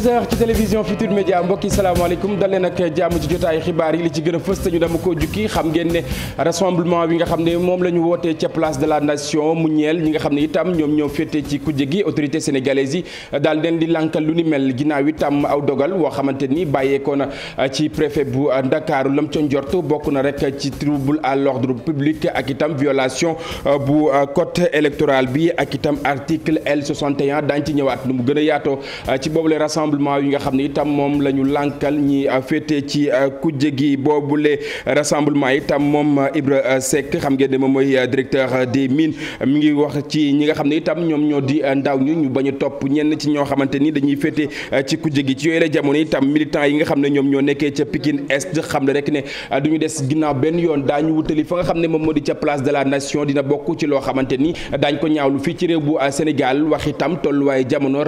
13h ci télévision Futur Média mbokk yi salaamaaleykum dal leen ak jàmm ci jotaayu xibaar yi li ci gën a fës ñu dama koo jukki xam ngeen ne rassemblement bi nga xam ne moom la ñu wootee ca place de la nation mu ñeel ñi nga xam ne itam ñoom ñoo féete ci kujje gi autorité sénégalaise yi daal den di lànkal lu ni mel ginnaaw itam aw dogal woo xamante ni bàyyeekoo ci préfet bu Ndakaaru lam ca bokk na rek ci trouble à l'ordre public ak itam violation euh, bu euh, code électoral bi ak itam article L61 daañu ci ñëwaat nu mu gën yaatoo euh, rassemblement yi nga xam ne itam moom la ñu lànkal ñi euh, féete ci euh, kujje gi boobule rassemblement itam moom euh, Ibra Seck xam ngeen ne moom mooy directeur des mines mi ngi wax ci ñi nga xam ne itam ñoom ñoo di ndaw ñu ñu bañ a topp ñenn ci ñoo xamante ni dañuy féete ci kujje gi ci yooyu la jamono itam militant yi nga xam ne ñoom ñoo nekkee ca Pikine Est xam ne rek ne duñu des ginnaaw benn yoon daañu wutali fa nga xam ne moom moo di ca place de la nation dina bokk ci loo xamante ni daañ ko ñaawlu fii ci réew bu Sénégal wax itam tolluwaay jamono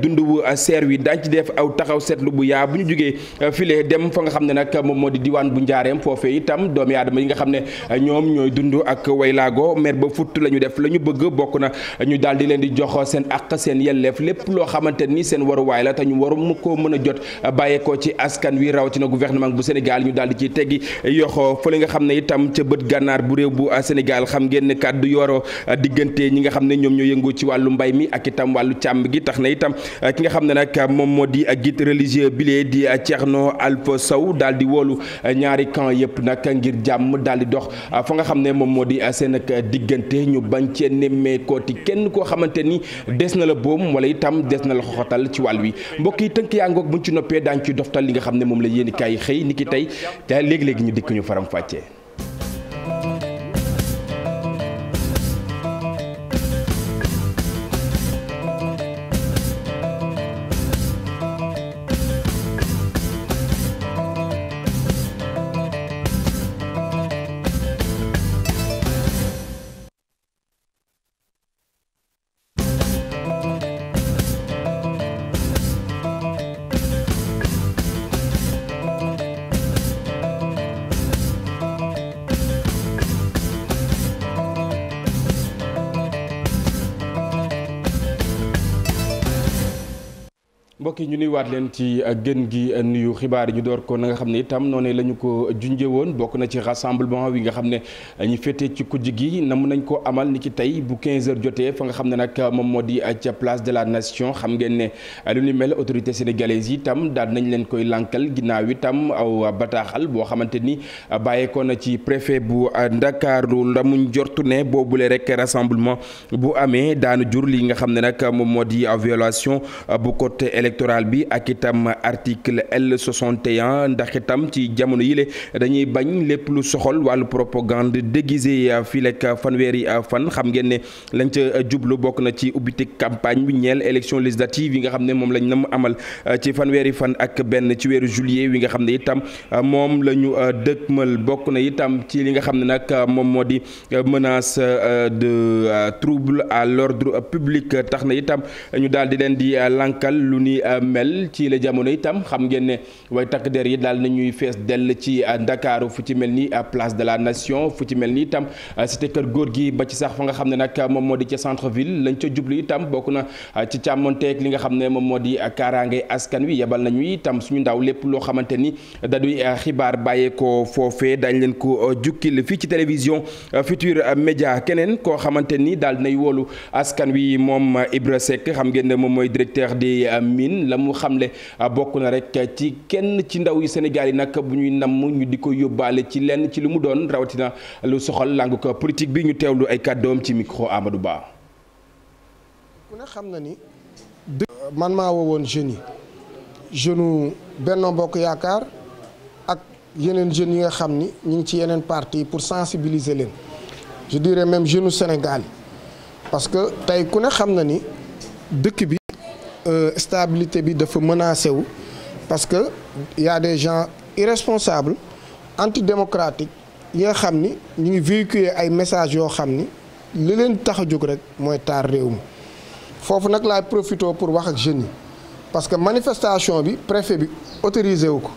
dund wu seer wi daañ ci def aw taxaw seetlu bu yaa bu ñu jógee euh, file dem fa nga xam ne nag moom moo di diwaan bu njaareem foofee itam doomi aadama yi nga xam ne euh, ñoom ñooy dund ak waylaago mer ba futt la ñu def la ñu bëgg bokk na ñu daal di leen di jox seen àq seen yelleef lépp loo xamante ni seen waruwaay la te ñu warum koo mën a jot euh, bàyyeekoo ci askan wi rawatina gouvernement bu Sénégal ñu daal di ci teggi yoxoo fële nga xam ne itam ca bët gànnaar bu réew bu Sénégal xam ngeen kàddu yoroo diggante ñi nga xam ne ñoom ñoo yëngu ci wàllu mbay mi ak itam wàllu càmm gi tax na itam Euh, ki nga xam ne nag moom moo di guide religieux bile di euh, Thierno Alpha Sow daal di woolu euh, ñaari camp yëpp nag ngir jàmm daal di dox fa nga xam ne moom moo di seen ak diggante ñu bañ cee nemmeekooti kenn koo xamante ni des na la boom wala itam des na la xoxatal ci wàll wi mbokk yi tënk yaa ngoog buñ ci noppee daañu ci doftal li nga xam ne moom la yéen i xëy ni ki tey te léegi-léegi ñu dikk ñu faram fàccee mbokk yi ñu nuyuwaat leen ci euh, gën gi euh, nuyu xibaar yi ñu door ko na xam ne itam noonu la ko junjee woon bokk na ci rassemblement wi nga xam ne euh, ñu féetee ci nañ ko amal ni ki tey bu 15h jotee fa nga xam ne nag moom moo di ca place de la nation xam ngeen ne lu ni mel yi tam daal nañ leen koy lankal ginnaaw itam aw bataaxal boo xamante ni bàyyeekoo na ci préfet bu Ndakaaru ndamuñ jortu ne boobule rek rassemblement bu amee daanu jur li nga xam ne nag moom moo di violation bu côté électoral électoral bi ak itam article L ndax itam ci jamono yile dañuy bañ lépp lu soxol wàllu propagande déguisé fii lekk fanweeri fan xam ngeen ne lañ ca jublu bokk na ci ubbite campagne bi ñeel élection législative yi nga xam ne moom lañ nam amal euh, ci fanweeri fan ak benn ci weeru juillet wi nga xam ne itam euh, moom la ñu euh, dëkkmal bokk na itam ci li nga xam ne nag moom moo di menace de trouble à l'ordre public tax na itam ñu daal leen di lankal lu ni mel ci la jamono itam xam ngeen ne way takk der yi daal nañuy fees dell ci ndakaaru euh, fu ci mel ni euh, place de la nation fu ci mel ni itam euh, cité kër góor gi ba ci sax fa nga xam ne nag moom moo di ca centre ville lañ ca jublu itam bokk na ci càmmonteeg li nga xam ne moom moo di kaaraange askan wi yebal nañu itam suñu ndaw lépp loo xamante ni dañuy xibaar bàyyeekoo foofee dañ leen ko jukkil fii ci télévision Futur Média keneen koo xamante ni daal dinay woolu askan wi moom Ibra Seck xam ngeen ne moom mooy directeur des mines Sène la mu xamle ah, bokk na rek ci kenn ci ndaw yi Sénégal yi nag bu ñuy namm ñu di ko yóbbaale ci leen ci lu mu doon rawatina lu soxal làngu ko politique bi ñu teewlu ay kàddoom ci micro Amadou Ba. ku xam na ni. man maa jeunes yi. jeune Benno Bokk Yaakaar ak yeneen jeunes yi nga xam ni ñu ngi ci yeneen parti pour sensibiliser leen. je dirais même jeune Sénégal parce que tey ku ne xam na ni dëkk bi. Euh, stabilité bi dafa menacé wu parce que y a des gens irresponsables antidémocratiques yi nga xam ni ñu ngi véhiculer ay messages yoo xam ni li leen tax a jóg rek mooy taar réew mi foofu nag laay profité pour wax ak jeunes yi parce que manifestation bi préfet bi autorisé wu ko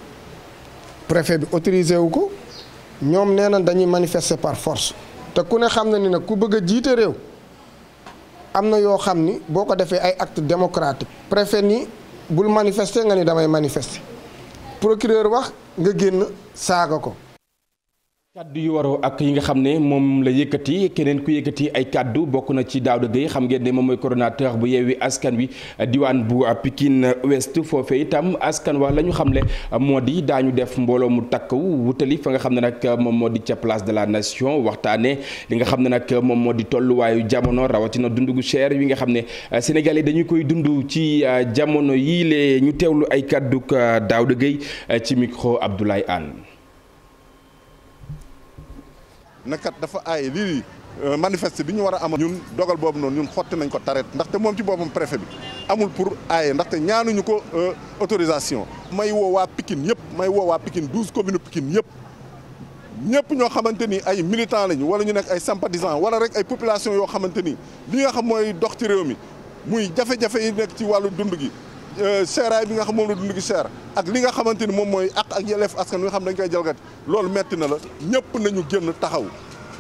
préfet bi autorisé wu ko ñoom nee na dañuy manifester par force te ku ne xam na ni nag ku bëgg a jiite réew. am na yoo xam ni boo ko defee ay acte démocratique préfet nii bul manifester nga nii damay manifester procureur wax nga génn saaga ko kaddu yu waroo ak yi nga xam ne moom la yëkkati keneen ku yëkkati ay kàddu bokk na ci Daouda Gueye xam ngeen ne moom mooy coordonnateur bu yeewi askan wi diwaan bu Pikine Ouest foofee itam askan wax la ñu xamle moo di daañu def mbooloo mu takk wutali fa nga xam ne nag moom moo di ca place de la nation waxtaanee li nga xam ne nag moom moo di tolluwaayu jamono rawatina dundu gu cher yi nga xam ne sénégalais dañu koy dund ci jamono yii lee ñu teewlu ay kaddu Daouda Gueye ci micro Abdoulaye Anne. ne kat dafa aay lii euh, manifeste bi ñu war a am ñun dogal boobu noonu ñun xotti nañ ko taret ndaxte moom ci boppam préfet bi amul pour aaye ndaxte ñaanuñu ko euh, autorisation may woo waa Pikine yëpp may woo waa Pikine douze communes Pikine yëpp ñëpp ñoo xamante ni ay militants lañu wala ñu nekk ay sympathisants wala rek ay population yoo xamante ni li nga xam mooy dox ci réew mi muy jafe-jafe yi nekk ci wàllu dund gi Euh, seeraay bi nga xam moom la dund gi seer ak li nga xamante ni moom mooy ak ak yelleef askan wi nga xam dañ koy jalgati loolu metti na la ñëpp nañu génn taxaw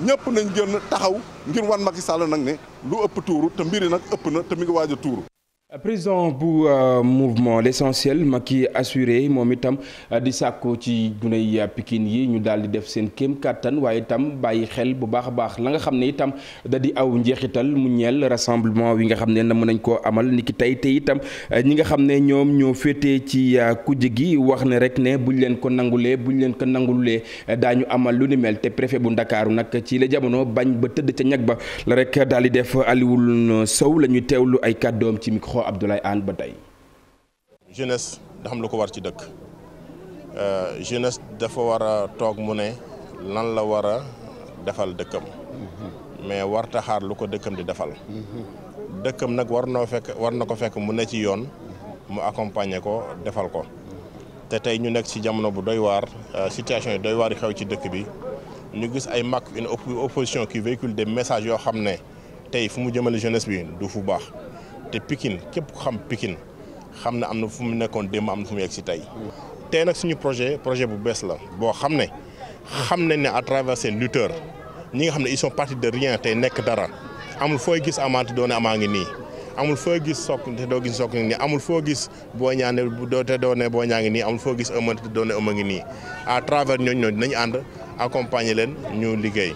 ñëpp nañ génn taxaw ngir wan Macky Sall nag ne lu ëpp tuuru te mbiri nag ëpp na te mi ngi waaj tuuru président bu euh, mouvement l'essentiel Macky assuré moom itam euh, di sàkku ci guney euh, Pikine yi ñu daal di def seen kéem kàttan waaye itam bàyyi xel bu baax a baax la nga xam ne itam da di aw njeexital mu ñeel rassemblement wi nga xam ne mën nañ koo amal niki tey te itam ñi nga xam ne ñoom ñoo féete ci kujje gi wax ne rek ne buñ leen ko nangulee buñ leen ko nangululee daañu amal lu ni mel te préfet bu Ndakaaru nag ci la jamono bañ ba tëdd ca ñag ba la rek daal di def Alioune Sow la ñuy teewlu ay kàddoom ci micro. loxo Abdoulaye Anne ba tey. jeunesse da xam lu ko war ci dëkk euh, jeunesse dafa war a toog mu ne lan la war a defal dëkkam. mais war taxaar lu ko dëkkam di defal. dëkkam nag war noo fekk war na ko fekk mu ne ci yoon mu accompagner ko defal ko te tey ñu nekk ci jamono bu doy waar euh, situation yi doy waar yi xew ci dëkk bi ñu gis ay mag une opposition qui véhicule des messages yoo xam ne tey fu mu jëmale jeunesse bi du fu baax. te Pikine képp ku xam Pikine xam ne am na fu mu nekkoon démb am na fu mu yegg si tey. tey nag suñu projet projet bu bees la boo xam ne xam nañ ne à travers seen lutteurs ñi nga xam ne ils sont partis de rien tey nekk dara amul fooy gis amaati doone amaa ngi nii amul foo gis sook te doo gis sook nii amul foo gis boo ñaane doo te doone boo ñaa ngi nii amul foo gis ëmante te doone ëma ngi nii à ñooñ ñooñu ñooñu nañu ànd accompagner leen ñu liggéey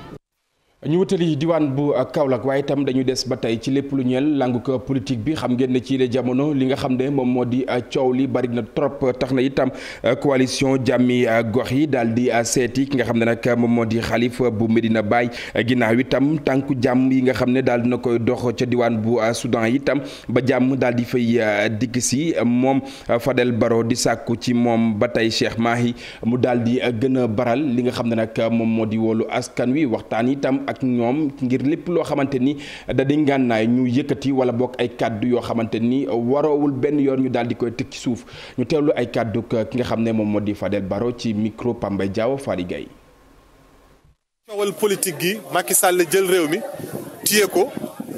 ñu wutali diwaan bu Kaolack waaye itam dañu des ba tey ci lépp lu ñeel làngu ko politique bi xam ngeen ne ci la jamono li nga xam ne moom moo di ah, coow li bari na trop tax na itam ah, coalition jàmmi ah, gox yi daal di seeti ki nga xam ne nag moom moo di xalif bu Medina Baye ginaaw itam tànku jàmm yi nga xam ne daal dina koy dox ca diwaan bu Soudan itam ba jàmm daal di fay dikk si moom Fadel Baro di sàkku ci moom ba tey Cheikh Mahi mu daal di gën a baral li nga xam ne nag moom moo di wolu askan wi waxtaan itam. ak ñoom ngir lépp loo xamante ni da di ngànnaay ñu yëkkati wala bokk ay kàddu yoo xamante ni waroowul benn yoon ñu daal di koy teg ci suuf ñu teewlu ay kàddu ki nga xam ne moom moo di Fadel Baro ci micro Pambay Diaw Fari Gaye coowal politique gi Macky Sall jël réew mi téye ko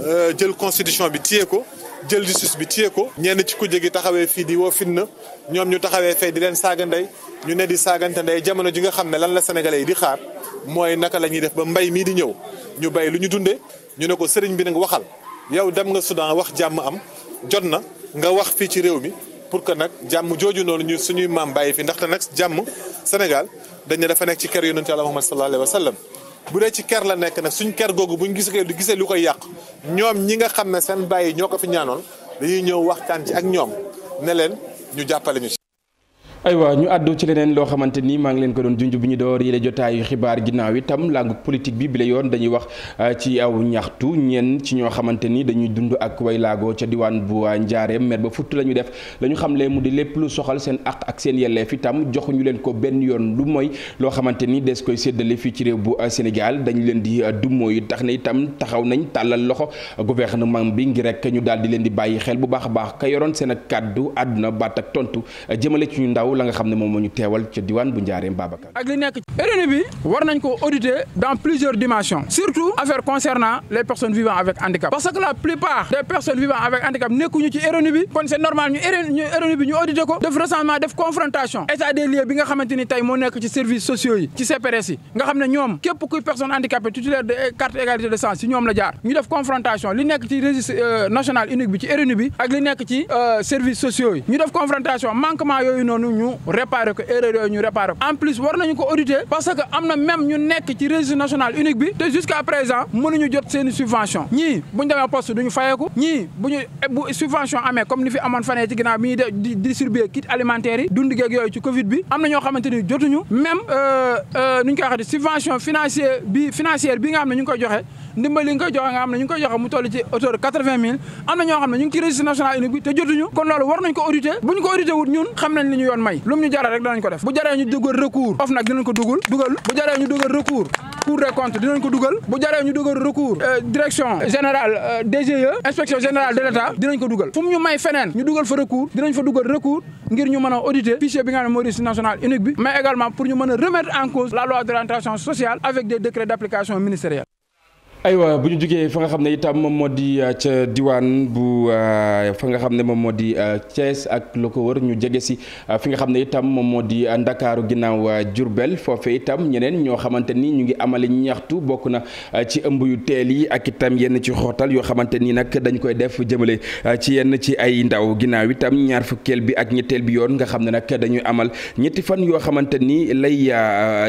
euh, jël constitution bi tiye ko jël justice bi téye ko ñenn ci ku jegi taxawee fii di woo fitna ñoom ñu taxawee fay di leen saaga ndey ñu ne di saagante ndey jamono ji nga xam ne lan la sénégalais yi di xaar mooy naka la ñuy def ba mbay mii di ñëw ñu bay lu ñu dundee ñu ne ko sëriñ bi nag waxal yow dem nga Soudan wax jàmm am jot na nga wax fii ci réew mi pour que nag jàmm jooju noonu ñu suñuy maam bàyyi fi ndaxte nag jàmm Sénégal dañu ne dafa nekk ci kër yonente Yàlla Muhammad sallallahu alayhi wa sallam bu dee ci ker la nekk nag suñ ker googu buñ gisee du gisee lu ko yàq ñoom ñi nga xam ne seen bàyyi ñoo ko fi ñaanoon dañuy ñëw waxtaan ci ak ñoom ne leen ñu jàppale ñu ci. aywa ñu àddu ci leneen loo xamante ni maa ngi leen ko doon junj bi ñu door yile jotaayu xibaar ginnaaw itam langue politique bi bi la yoon dañuy wax euh, ci aw ñaxtu ñenn ci ñoo xamante ni dañuy dund ak way laago ca diwaan bu euh, njaareem mer ba futt la ñu def la ñu xamle mu di lépp lu soxal seen àq ak seen yelleef itam joxuñu leen ko benn yoon lu mooy loo xamante ni des koy séddale fii ci réew bu euh, Sénégal dañu leen di dumo yi tax na itam taxaw nañ tàllal loxo gouvernement bi ngir rek ñu daal di leen di bàyyi xel bu baax a baax ka yoroon seen ak kàddu àdduna baat ak tontu jëmale ci ñu ndaw ndaw la nga xam ne moom moo ñu teewal ca diwaan bu njaareem Babacar. ak li nekk RNU bi war nañ ko auditer dans plusieurs dimensions surtout affaire concernant les personnes vivant avec handicap parce que la plupart des personnes vivant avec handicap nekkuñu ci RNU bi kon c'est normal ñu ñu bi ñu auditer ko def recensement def confrontation état des bi nga xamante ni moo nekk ci services sociaux yi ci CPRS yi nga xam ne ñoom ñu ko erreur yooyu ñu réparé ko en plus war nañu ko auditer parce que am na même ñu nekk ci registre national unique bi te jusqu'à présent mënuñu jot seen subvention ñii bu ñu demee poste du ñu fayeeku ñi bu ñu bu subvention amee comme ni fi amoon fanee ci ginnaaw bi ñuy di distribuer kit alimentaire yi dund geeg yooyu ci Covid bi am na ñoo xamante ni jotuñu même euh, euh, nu ñu koy waxee subvention financière bi financière bi nga xam ne ñu ngi koy joxe ndimbal yi nga koy joxe nga xam ñu ngi joxe mu toll ci hauteur quatre-vingt mille am na ñoo xam ne ñu ngi ci registre national unique bi te jotuñu kon loolu war nañ ko auditer bu ñu ko auditer wut ñun xam nañ ñu yoon may lu mu ñu jaral rek danañ ko def bu jaree ñu dugal recours of nag dinañ ko dugal bu jaree ñu dugal recours cour des comptes dinañ ko dugal bu jaree ñu dugal recours euh, direction générale euh, DGE inspection générale de l'État dinañ ko dugal fu mu ñu a auditer fichier bi nga xam ne moo registre national a remettre en aywa bu ñu jugee fa nga xam ne itam moom moo di uh, ca diwaan bu uh, fa nga xam ne moom moo di uh, Thiès ak lu ko ñu jege si fi nga xam ne itam moom moo di Ndakaaru ginnaaw jurbeel foofe itam ñeneen ñoo xamante ni ñu ngi amal ñaxtu bokk na ci ëmb yu teel yi ak itam yenn ci xootal yoo xamante ni nag dañ koy def jëmale ci yenn ci ay ndaw ginnaaw itam ñaar fukkeel bi ak ñetteel bi yoon nga xam ne nag dañuy amal ñetti fan yoo xamante ni lay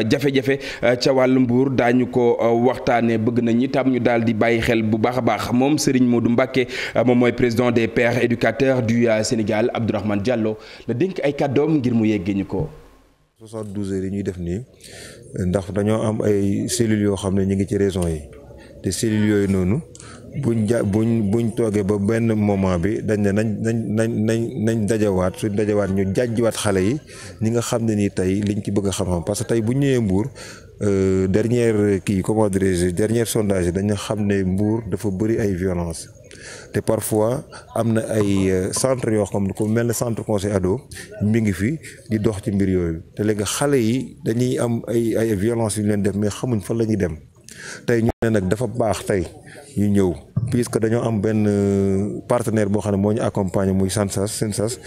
jafe-jafe ca wàllu mbuur daañu ko waxtaanee bëgg nañ itam itam ñu daal di bàyyi xel bu baax a baax moom Serigne Modou Mbacké euh, moom mooy président des pères éducateurs du euh, Sénégal Abdourahmane Diallo la dénk ay kàddoom ngir mu yeggee ñu ko. 72 heures yi ñuy def nii ndax dañoo am ay cellules yoo xam ne ñu ngi ci raison yi te cellules yooyu noonu. buñ ja buñ buñ toogee ba benn moment bi dañ ne nañ nañ nañ nañ nañ dajawaat suñ dajawaat ñu jàjjiwaat xale yi ñi nga xam ne nii tey liñ ci bëgg xam-xam parce tey bu ñëwee mbuur Euh, dernière kii comment dirais-je dernière sondage dañu xam ne Mbour dafa bëri ay violence te parfois am na ay euh, centre yoo xam ne ku mel ne centre conseil adoo mi ngi fi di dox ci mbir yooyu te léegi xale yi dañuy am ay ay violence yu leen def mais xamuñ fan la ñuy dem tey ñu ne nag dafa baax tey ñu ñëw puisque dañoo am benn euh, partenaire boo xam ne moo ñu accompagner muy SANSAS SANSAS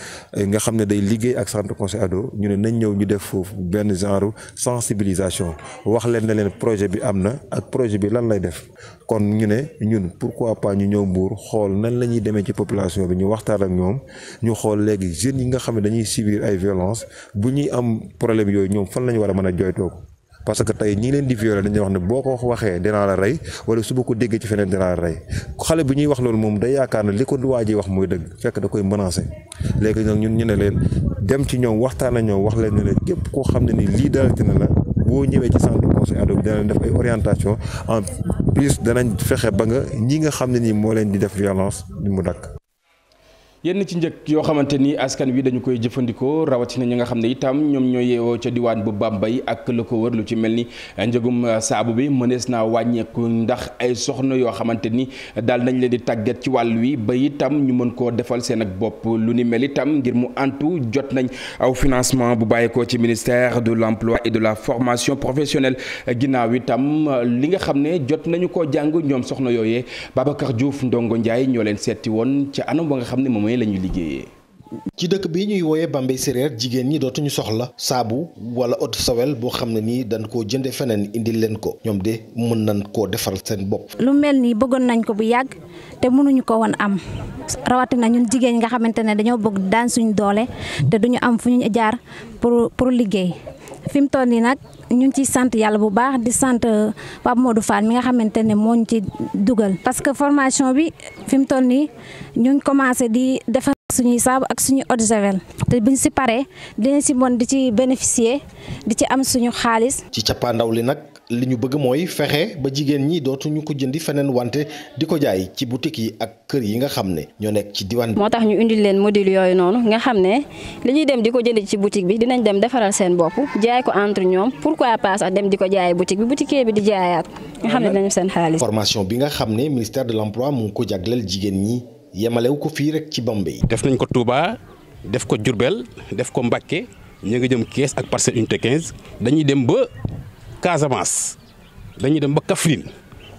nga xam ne day liggéey ak centre conseil ado ñu ne nañ ñëw ñu def foofu benn genre sensibilisation wax leen na leen projet bi am na ak projet bi lan lay def kon ñu ne ñun pourquoi pas ñu ñëw mbuur xool nan la ñuy demee ci population bi ñu waxtaan ak ñoom ñu xool léegi jeunes yi nga xam ne dañuy subir ay violence bu ñuy am problème yooyu ñoom fan la ñu war a mën a jooytoo ko parce que tey ñi leen di violer dañuy wax ne boo ko waxee dinaa la rey wala su ba ko déggee ci feneen dinaa la rey xale bi ñuy wax loolu moom day yaakaar na li ko waa ji wax muy dëgg fekk da koy menacer léegi nag ñun ñu ne leen dem ci ñoom waxtaan ak ñoom wax leen ne leen képp koo xam ne ni lii dalati na la boo ñëwee ci centre conseil ado bi danañ def ay orientation en plus danañ fexe ba nga ñi nga xam ne nii moo leen di def violence mu dakk yenn ci njëkk yoo xamante ni askan wi dañu koy jëfandikoo rawatina ñi nga xam ne itam ñoom ñoo yeewoo ca diwaan bu bay ak la ko wër lu ci mel ni njëgum saabu bi mënees naa wàññeeku ndax ay soxna yoo xamante ni daal nañ leen di tàggat ci wàll wi bay itam ñu mën koo defal seen ak bopp lu ni mel itam ngir mu antu jot nañ aw financement bu bàyyeekoo ci ministère du l'emploi et de la formation professionnelle ginnaaw itam li nga xam ne jot nañu koo jàng ñoom soxna yooyee Babacar Diouf Ndongo Ndiaye ñoo leen seeti woon xam ne moom moyens ñuy liggéeyee. ci dëkk bi ñuy wooyee Bambey séréer jigéen ñi dootuñu soxla saabu wala eau de boo xam ne nii dañ koo jënde feneen indil leen ko ñoom de mën nañ koo defal seen bopp. lu mel nii bëggoon nañ ko bu yàgg te mënuñu ko woon am rawatina ñun jigéen ñi nga xamante ne dañoo bëgg daan suñu doole te duñu am fu ñu jaar pour liggéey. fi mu toll nii nag ñu ngi ciy sant yàlla bu baax di sant euh, Pape Modou mi nga xamante ne moo ñu ci dugal. parce que formation bi fi mu toll nii ñu ngi commencé di defar suñuy saabu ak suñuy eau de javel te buñ si paree dinañ si mën di ci bénéficier di ci am suñu xaalis. ci cappaandaw li nag. li ñu bëgg mooy fexe ba jigéen ñi dootuñu ko jëndi feneen wante di ko jaay ci boutique yi ak kër yi nga xam ne ñoo nekk ci diwaan moo tax ñu indil leen modèle yooyu noonu nga xam ne li ñuy dem di ko jënd ci boutique bi dinañ dem defaral seen bopp jaay ko entre ñoom pour pas sax dem di ko jaay boutique bi boutiquier bi di jaayaat nga xam ne dinañu seen xaalis. formation bi nga xam ne ministère de l'emploi mu ngi ko jagleel jigéen ñi yemalewu ko fii rek ci Bambey. def nañ ko Touba def ko Diourbel def ko Mbacké ñu ngi jëm Thiès ak Parcelles Unité 15 dañuy dem ba Casamance dañuy dem ba Kaffrine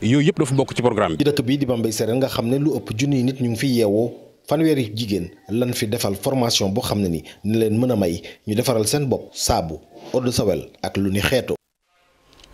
yooyu yëpp dafa bokk ci programme bi. ci dëkk bii di Bambey Sérère nga xam ne lu ëpp junniy nit ñu ngi fi yeewoo fanweeri jigéen lan fi defal formation boo xam ne ni ni leen mën a may ñu defaral seen bopp saabu eau de ak lu ni xeetu.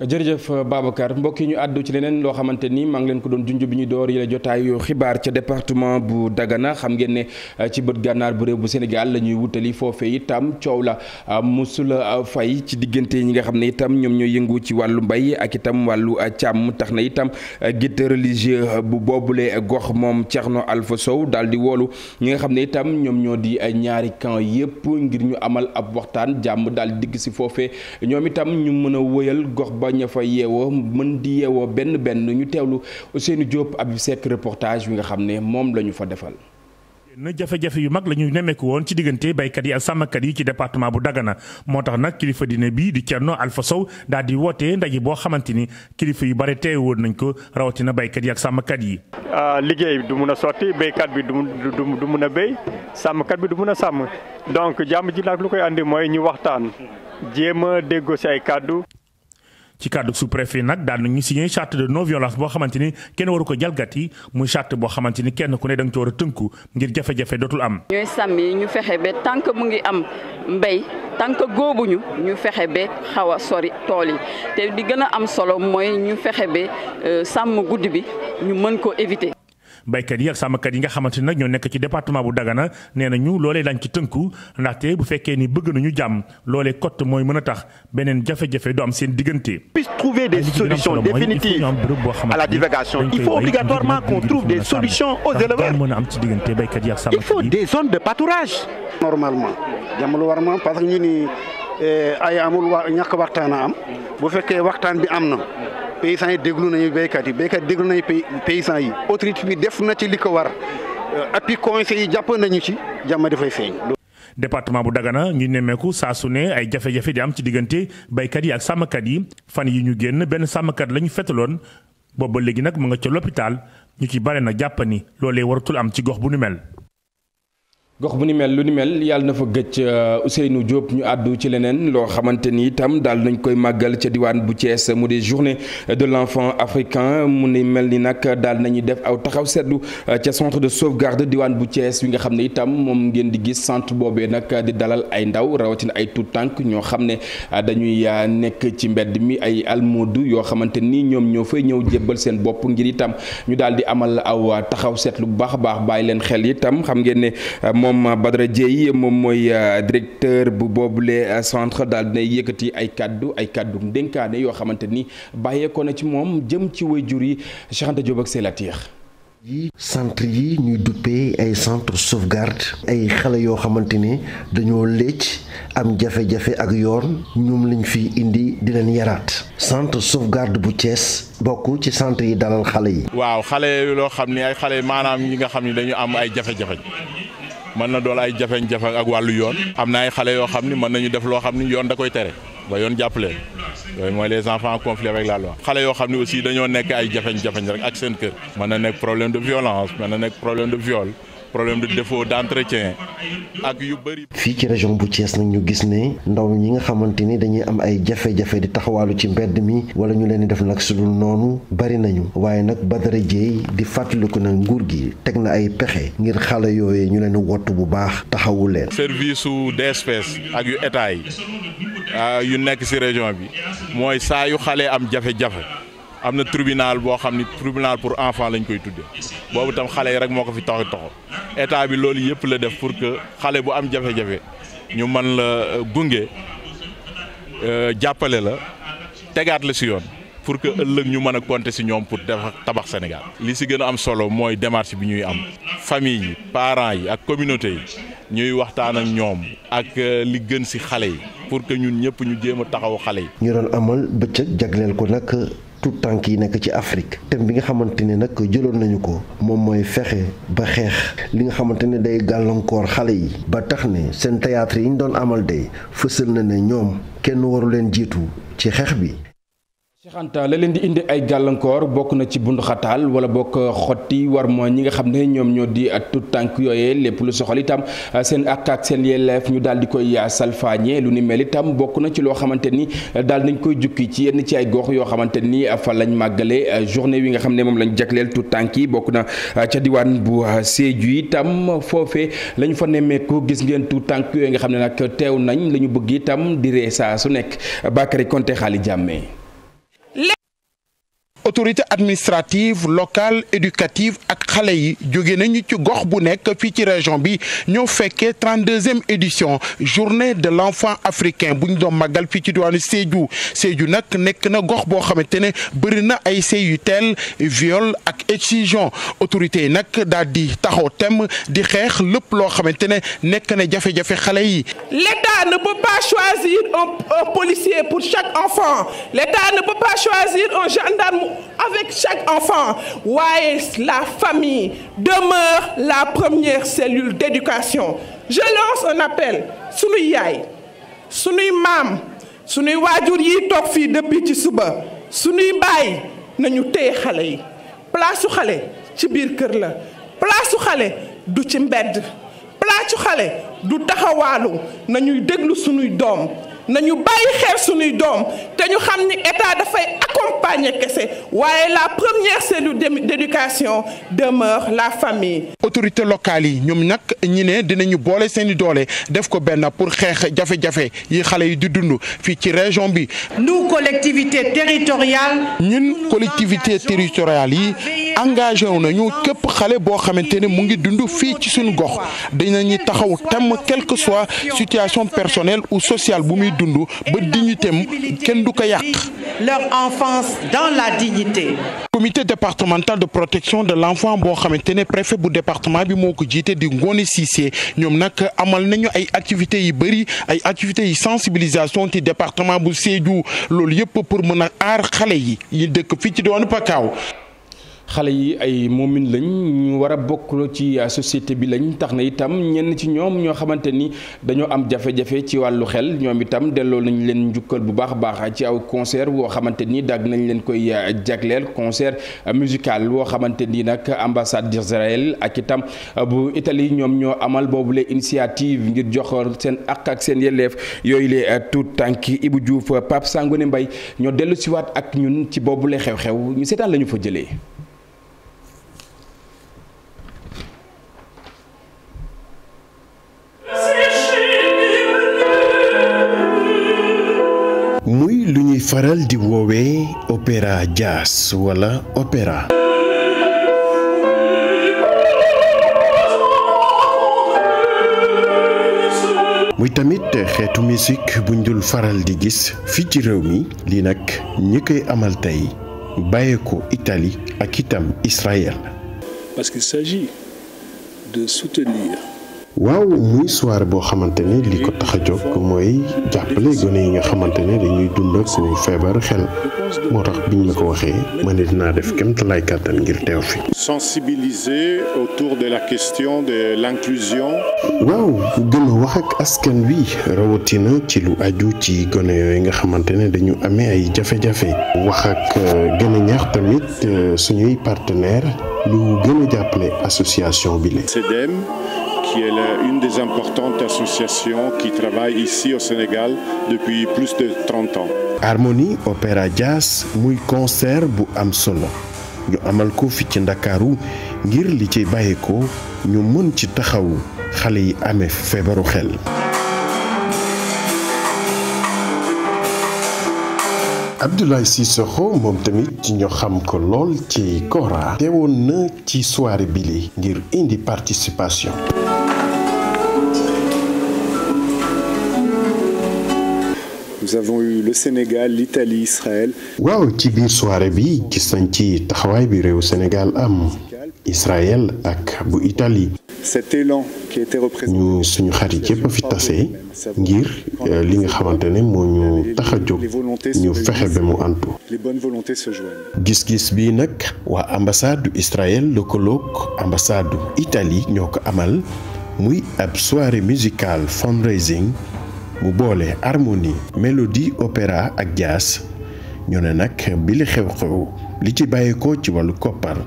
jërëjëf euh, Babacar mbokk yi ñu àddu ci leneen loo xamante ni maa ngi leen ko doon junj bi ñu door yi la jotaayu xibaar ca département bu Dagana xam ngeen ne euh, ci bët gànnaar bu réew bu Sénégal la ñuy wutali foofe itam coow la euh, musula fay ci diggante ñi nga xam ne itam ñoom ñooy yëngu ci wàllu mbay ak itam wàllu càmm tax na itam guide bu boobule gox moom Thierno Alpha Sow daal di woolu ñi nga xam ne itam ñoom ñoo di ñaari camp yëpp ngir ñu amal ab waxtaan jàmm daal di digg si foofe ñoom itam ñu mën a wëyal gox ba ba ña fa yeewoo mën di yeewoo benn benn ñu teewlu Ousseynou Diop Abib Seck reportage bi nga xam ne moom la ñu fa defal. na jafe-jafe yu mag la ñu nemmeeku woon ci diggante baykat yi ak sàmmkat yi ci département bu Dagana moo tax nag kilifa di ne bii di Thierno Alpha Sow daal di woote ndaje boo xamante ni kilifa yu bare teew woon nañ ko rawatina baykat yi ak sàmmkat yi. Ah, liggéey du mun a sotti baykat bi du du mun a béy sàmmkat bi du mun a sàmm donc jàmm ji nag lu koy andi mooy ñu waxtaan jéem a déggoo si ci kàddu sous-préfet nag daal na ñu signé charte de non boo xamante ni kenn waru ko jalgati muy charte boo xamante ni kenn ku ne da nga ci war a tënku ngir jafe-jafe dootul am. ñooy sàmm yi ñu fexe ba tant que mu ngi am mbéy tant que góobuñu ñu fexe ba xaw a sori tool yi te di gën a am solo mooy ñu fexe ba euh, sàmm guddi bi ñu mën ko éviter. baykat yi ak sàmmkat yi nga xamante ne nag ñoo nekk ci département bu Dagana nee nañu loolee dañ ci tënku ndaxte bu fekkee ni bëgg nañu jàmm loolee cotte mooy mën a tax beneen jafe-jafe du am seen diggante. puisse trouver des solutions définitives il faut obligatoirement a am ci diggante baykat yi ak sàmmkat yi il faut des zones de pâturage. normalement lu war ma parce que ñu ni eh, ay amul wa waxtaan a am bu fekkee waxtaan bi am na. paysans yi déglu nañu béykat yi béykat yi déglu nañu paysans yi autorité bi def na ci li ko war euh, appui conseil yi jàpp nañu ci jàmm dafay feeñ. département bu Dagana ñu nemmeeku saa su ne ay jafe-jafe di am ci diggante béykat yi ak sàmmkat yi fan yi ñu génn benn sàmmkat la ñu fetaloon booba léegi nag mu nga ca loppitaal ñu ci bare na jàpp ni loolee waratul am ci gox bu nu mel. gox bu ni mel lu ni mel yàlla na fa gëj euh, Ousseynou Diop ñu àddu ci leneen loo xamante ni itam daal nañ koy màggal ca diwaan bu Thiès mu di journée de l' enfant africain mu ni mel ni nag daal nañu def aw taxaw seetlu euh, ca centre de sauvegarde diwaan bu Thiès wi nga xam ne itam moom ngeen di gis centre boobee nag di dalal ay ndaw rawatina ay tout tànk ñoo xam ne euh, dañuy nekk ci mbedd mi ay almoodu yoo xamante ni ñoom ñoo fay ñëw jébbal seen bopp ngir itam ñu daal di amal aw taxaw seetlu bu baax a baax bàyyi moom Badara Dieye moom mooy euh, directeur bu boobule euh, centre daal dina yëkkati ay kaddu ay kaddu dénkaane yoo xamante ni bàyyeekoo na ci moom jëm ci jur yi Cheikh Anta Diop ak Sélatiir yi centre yi ñuy duppee ay centre sauvegarde ay xale yoo xamante ni dañoo lécc am jafe-jafe ak yoon ñoom lañ fi indi di leen yaraat centre sauvegarde bu Thiès bokk ci centre yi dalal xale yi waaw xale loo xam ne ay xale maanaam yi nga xam ne dañu am ay jafe-jafe mën na doon ay jafe-jafe ak wàllu yoon am na ay xale yoo xam ni mën nañu def loo xam ni yoon da koy tere ba yoon jàppale yooyu mooy les enfants en conflit avec la loi xale yoo xam ne aussi dañoo nekk ay jafe-jafe rek ak seen kër mën na nekk problème de violence mën na nekk problème de viol problème de défaut d'entretien ak yu bëri. fii ci région bu Thiès nag ñu gis ne ndaw ñi nga xamante ni dañuy am ay jafe-jafe di taxawaalu ci mbedd mi wala ñu leen di def nag su noonu bari nañu waaye nag Badara Dieye di fàttaliku nag nguur gi teg na ay pexe ngir xale yooyu ñu leen di wot bu baax taxawu leen. service su d'espèce ak yu état yi ah, yu nekk ci région bi mooy saa yu xale am jafe-jafe. am na tribinal boo xam ni tribunal pour enfant lañ koy tudde boobu tam xale yi rek moo ko fi tax toxo état bi loolu yëpp la def pour que xale bu am jafe-jafe ñu man la euh, gunge euh, jàppale la tegaat la si yoon pour que ëllëg ñu mën a compter si ñoom pour def tabax Sénégal. li si gën a am solo mooy démarche bi ñuy am famille yi parents yi ak communauté yi ñuy waxtaan ak ñoom ak euh, li gën si xale yi pour que ñun ñëpp ñu jéem a taxaw xale yi. ñu doon amal bëccëg ko nag. tout tànk yi nekk ci Afrique thème bi nga xamante ne nag jëloon nañu ko moom mooy fexe ba xeex li nga xamante ne day gàllankoor xale yi ba tax ne seen théâtre yi ñu doon amal de fësal na ne ñoom kenn waru leen jiitu ci xeex bi Cheikh Anta leen di indi ay gàllankoor bokk na ci bundu xataal wala bokk xotti war mooy ñi nga xam ne ñoom ñoo di tut tànk yooyee lépp lu soxal itam ah, seen ak ak seen yelleef ñu daal di koy ah, salfaañe lu ni mel itam bokk na ci loo xamante ni ah, daal nañ koy jukki ci yenn ci ay gox yoo xamante ni fa lañ màggale journée wi nga xam ne moom lañu jagleel tut tànk yi bokk na ca diwaan bu Sédhiou itam foofee lañ fa nemmeeku gis ngeen tut tànk yooyu nga xam ne nag teew nañ la ñu bëgg itam di ree saa su nekk Bakary Konte autorité administrative locale éducative ak xale yi jóge nañu ci gox bu nekk fii ci région bi ñoo fekkee trent deuxième édition journée de l'enfant africain buñ ñu doon màggal fii ci diwaanu Sédhiou Sédhiou nag nekk na gox boo xamante ne bëri na ay sëy yu teel viol ak excision autorité yi nag daal di taxaw tem di xeex lépp loo xamante ne nekk na jafe-jafe xale yi. L'État ne peut pas choisir un, policier pour chaque enfant. L'État ne peut pas choisir un gendarme. avec chaque enfant waaye la famille demeure la première cellule d'éducation je lance un appel sunuy yaay sunuy maam sunuy waajur yi toog fii depuis ci suba sunuy baay nañu téye xale yi placeu xale ci biir kër la placeu xale du ci mbedd placeu xale du taxawaalu nañuy déglu sunuy doom nañu bàyyi xel suñuy doom te ñu xam ni état dafay accompagner kese waaye la première cellule d'éducation demeure la famille. autorités locales yi ñoom nag ñi ne dinañu boole seen i doole def ko benn pour xeex jafe-jafe yi xale yi di dund fii ci région bi. nous collectivités territoriales. ñun collectivités territoriales yi. engagé nañu képp xale boo xamante ne mu ngi dund fii ci suñu gox dinañu taxaw temm quelle que soit situation personnelle ou sociale bu muy dund ba dignitéem kenn du ko yàq. leur enfance dans la dignité. de protection de l'enfant boo xamante ne préfet bu département bi moo ko jiite di Ngoné Cissé ñoom nag amal nañu ay activités yu bëri ay activités yu sensibilisation ci département bu Sédhiou loolu yëpp pour mën a aar xale yi yi dëkk fii ci doon Pakaaw. xale yi ay moomin lañ ñu war a bokk ci euh, société bi lañu tax na itam ñenn ci ñoom ñoo xamante ni dañoo am jafe-jafe ci wàllu xel ñoom itam delloo nañu leen njukkal bu baax a baax ci aw concert woo xamante ni dagg nañ leen koy euh, jagleel concert euh, musical woo xamante ni nag ambassade d'Israël ak itam bu Italie ñoom ñoo amal boobu la initiative ngir jox seen ak ak seen yelleef yooyu lee tuut tànki Ibou Diouf Pape ne mbay ñoo dellu siwaat ak ñun ci boobu la xew-xew ñu seetaan la ñu fa jëlee. muy lu ñuy faral di woowee opera jaas wala opera muy tamit xeetu musique buñ dul faral di gis fi ci réew mi nag ñi koy amal tey bàyyeekoo itali ak itam Israël. parce qu'il s'agit de soutenir. waaw muy soirée boo xamante ne li ko tax a jóg mooy jàppale gone yi nga xamante ne dañuy dund ak feebar xel moo tax biñ ma ko waxee ma ne naa def kem talaay kàttan ngir teew fi. sensibiliser autour de la question de l'inclusion. waaw gën a wax ak askan wi rawatina ci lu aju ci gone yooyu nga xamante ne dañu amee ay jafe-jafe. wax ak euh, gën a ñaax tamit euh, suñuy partenaire lu gën a jàppale association bi la. qui est l'une des importantes associations qui travaille ici au Harmonie opéra jazz muy concert bu am solo ñu amal ko fi ci Ndakaaru ngir li ci bàyyeekoo ñu mën ci taxawu xale yi amee feebaru xel. Abdoulaye Cissokho moom tamit ci ñu xam ko lool ci Kora teewoon na ci soirée bi li ngir indi participation nous avons eu waaw ci biir soirée bi gis nañ ci taxawaay bi réew Sénégal am Israël ak bu Italie. cet élan qui était représenté. ñu suñu xarit yëpp fi tase ngir euh, li nga xamante ne moo ñu tax a jóg ñu fexe ba mu antu. gis-gis bii nag waa ambassade du Israël lëkkaloog ambassade Italie ñoo ko amal muy ab soirée musicale fundraising. bu boole harmonie mélodie opéra ak jaas ñoo ne nag bi li xew-xew li ci bàyyeekoo ci wàllu koppar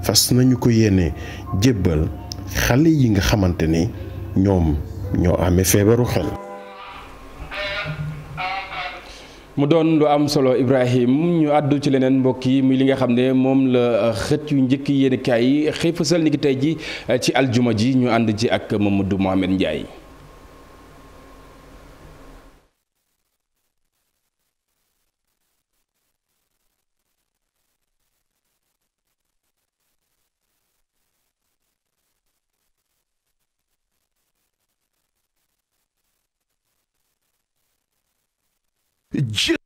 fas nañu ko yéene jébbal xale yi nga xamante ni ñoom ñoo amee feebaru xel. mu doon lu am solo Ibrahim ñu àddu ci leneen mbokk yi muy li nga xam ne moom la xët yu njëkk yéen yi xëy fësal ni ki tey ji ci aljuma ji ñu ànd ci ak Mamadou Mohamed Ndiaye. Dieu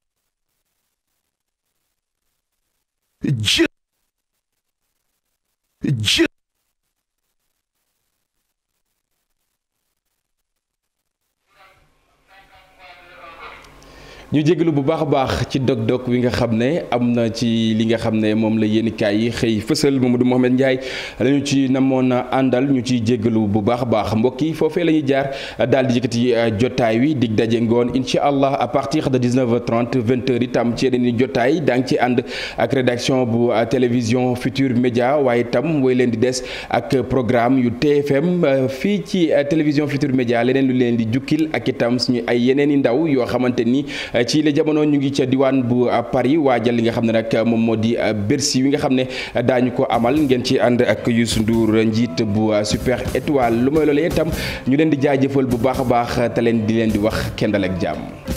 ñu jégalu bu baax a baax ci dog-dog wi nga xam ne am na ci li nga xam ne moom la yéen yi xëy fësal Mamadou Mouhamed Ndiaye la ñu ci namoon àndal ñu ciy jégalu bu baax a baax mbokk yi foofee la ñuy jaar daal di yëkkati euh, jotaay wi dig daje ngoon incha allah à partir de 19h30 20h itam ci yeneen i jotaay daa ngi ci ànd ak rédaction bu euh, télévision Futur Média waaye itam way leen di des ak programme yu TFM euh, fii ci télévision Futur Média leneen lu leen di jukkil ak suñu ay yeneen i ndaw yoo xamante ni. ci la jamono ñu ngi ca diwaan bu Paris waajal li nga xam ne nag moom moo di Bercy wi nga xam ne daañu ko amal ngeen ci ànd ak Youssou Ndour njiit bu Super Étoile lu may loolee itam ñu leen di jaajëfal bu baax a baax te leen di leen di wax kendal ak jàmm.